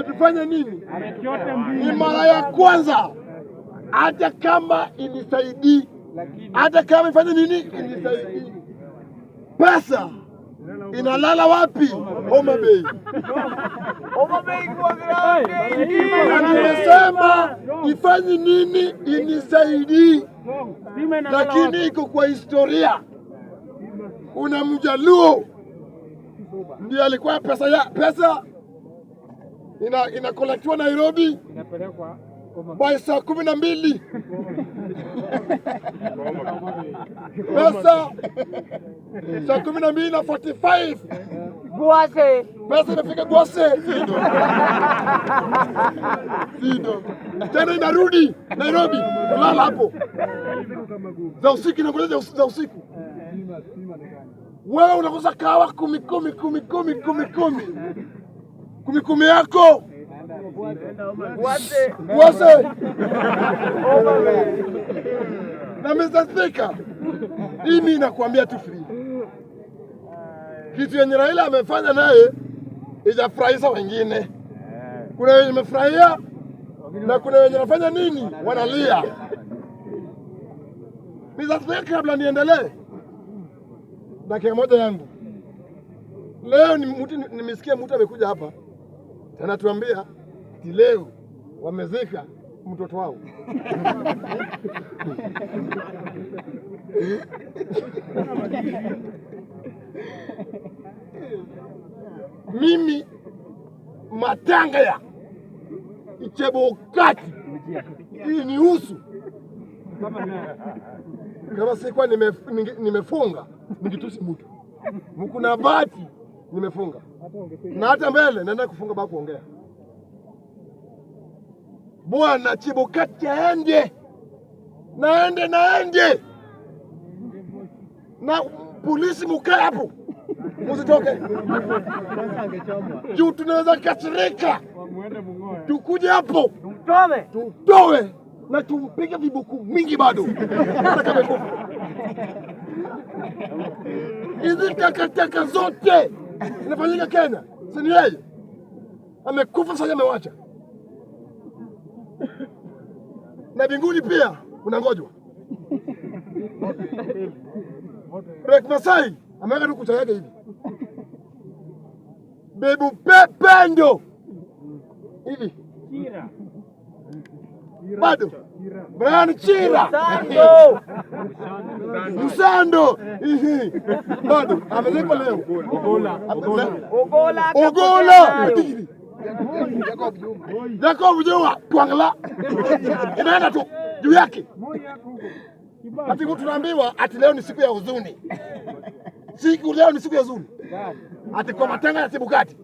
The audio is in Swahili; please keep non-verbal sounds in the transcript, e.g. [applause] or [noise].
ametufanya nini? Ni mara ya kwanza, hata kama inisaidii, hata kama ifanye nini, inisaidii. Pesa inalala wapi? Homa Bay. Na nimesema ifanye nini, inisaidii, lakini iko kwa historia. Kuna mjaluo ndiye alikuwa pesa ya pesa ina inakolektiwa Nairobi, inapelekwa by saa kumi na mbili pesa saa kumi na mbili na 45 Gwase, pesa inafika Gwase Sido, tena inarudi Nairobi kulala hapo za usiku, inakuja za usiku eh. wewe unakosa kawa kumi kumi kumi kumi kumi kumi kumikumi yako wase [laughs] na Mr. Speaker, hii mi nakuambia tu free kitu yenye Raila amefanya naye ijafurahisha wengine. Kuna wenye mefurahia na kuna wenye nafanya nini, wanalia. Mr. kabla niendelee, dakika moja yangu leo nimesikia mtu amekuja hapa Anatuambia ti leo wamezika mtoto wao mimi matanga ya ichebokati hii ni usu kama sikuwa nimefunga ningitusi mutu mukuna bati nimefunga na hata mbele, naenda kufunga baa kuongea. Bwana Chebukati aende naende naende na polisi, mukae hapo musitoke juu tunaweza kasirika, tukuje hapo tumtowe na tumpige vibuku mingi bado akamekufa hizi takataka zote inafanyika Kenya, si ni yeye amekufa sasa, amewacha na binguni pia unangojwa. Rek Masai ameweka tu kucha yake hivi, bebu pepe ndio hivi bado Brian Chira Msando [laughs] bado amelipa leo Ogola Jacob Juma Kwangla inaenda tu juu yake. Ati tunaambiwa ati leo ni siku ya huzuni, siku leo ni siku ya huzuni, ati kwa matanga ya sibukati